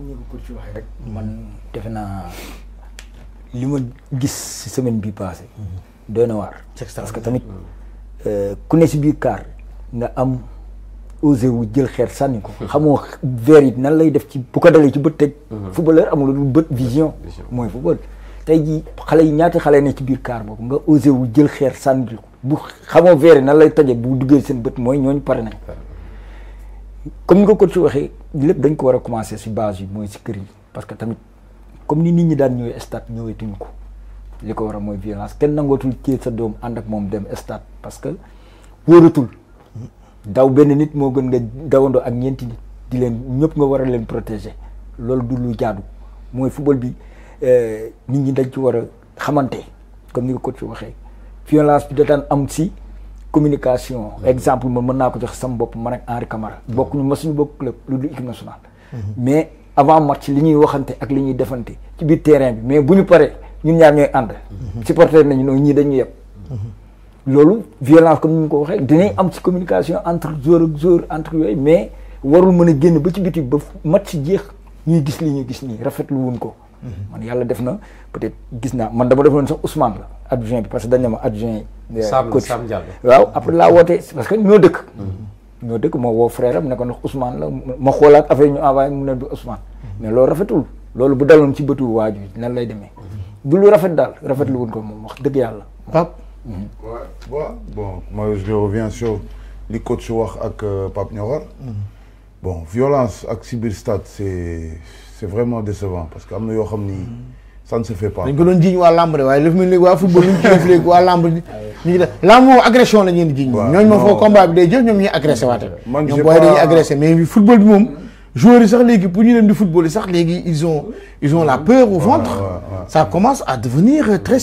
comme ko ci waxee rek. Mm-hmm. man defe naa li ma gis si semaine bi passé mm-hmm. doy na waar. parce que tamit mm-hmm. euh, ku ne si biir kaar nga am osé wu jël xeer sànni ko. xamoo verre yi nan lay def ci bu ko ci bët tëj. footballeur amul lu bët vision. mooy football tey jii xale yi ñaati xale ne ci biir kaar boobu nga osé wu jël xeer sànni ko bu xamoo verre yi nan lay tojee bu duggee seen bët mooy ñooñu pare nañ. comme ni ko ci waxee lépp dañ ko war a commencer ci base yi mooy ci kër yi parce que tamit comme ni nit ñi daan ñëwee stade ñëweetuñ ko li ko war a mooy violence kenn nangootul ci sa doom ànd ak moom dem stade parce que wóoratul daw benn nit moo gën nga dawandoo ak ñeenti nit di leen ñëpp nga war a leen protéger loolu du lu jaadu mooy football bi eh, nit ñi dañ ci war a xamante comme ni ko coach waxee violence bi da daan am ci. communication exemple ma mën naa ko jox sama bopp man ak Henri Camara bokk ñu masuñu bokk club lu dul équipe nationale mhm. mais avant match li ñuy waxante ak li ñuy defante ci biir terrain bi mais bu ñu paree ñu ñaar ñooy ànd mhm. supporter nañu noonu ñii dañu yëpp mhm. loolu violence comme ni ñu ko waxee dinañ am si communication entre joueur ak joueur entre yooyu mais warul mën a génn ba ci biti ba match jeex ñuy gis li ñuy gis nii rafetlu wuñ ko man yàlla def na peut-être gis naa man dama defoon sax Ousmane la adjoint bi parce que dañ ne ma adjoint. Euh, coach waaw après laa woote parce que ñoo dëkk. Mm-hmm. ñoo dëkk moo woo frère am ne ko la ma xoolaat affaire ñu envoyé mu ne du Ousmane. Mm-hmm. mais loolu rafetul loolu bu daloon ci bëtu waaju nan lay demee. Mm-hmm. du lu rafet daal rafetlu wuñ ko moom wax dëgg yàlla. Pape. waaw bon moi je reviens li coach wax ak euh, Pape Niawar. bon violence ak si c'est vraiment décevant parce que amna yo xamni mm. ça ne se fait pas. dañ ko doon jiiñ waa lamb de waaye li mu football li mu ci def léegi waa lamb ah ñu def lamb agression la ñeen diñ ñoo ma fo combat bi day jël ñom ñi agressé waate. ñom boy booy dañuy agressé mais football bi mom joueurs yi sax légui pour ñu dem di football sax légui ils ont ils ont la peur au ventre. ça commence à devenir euh, très.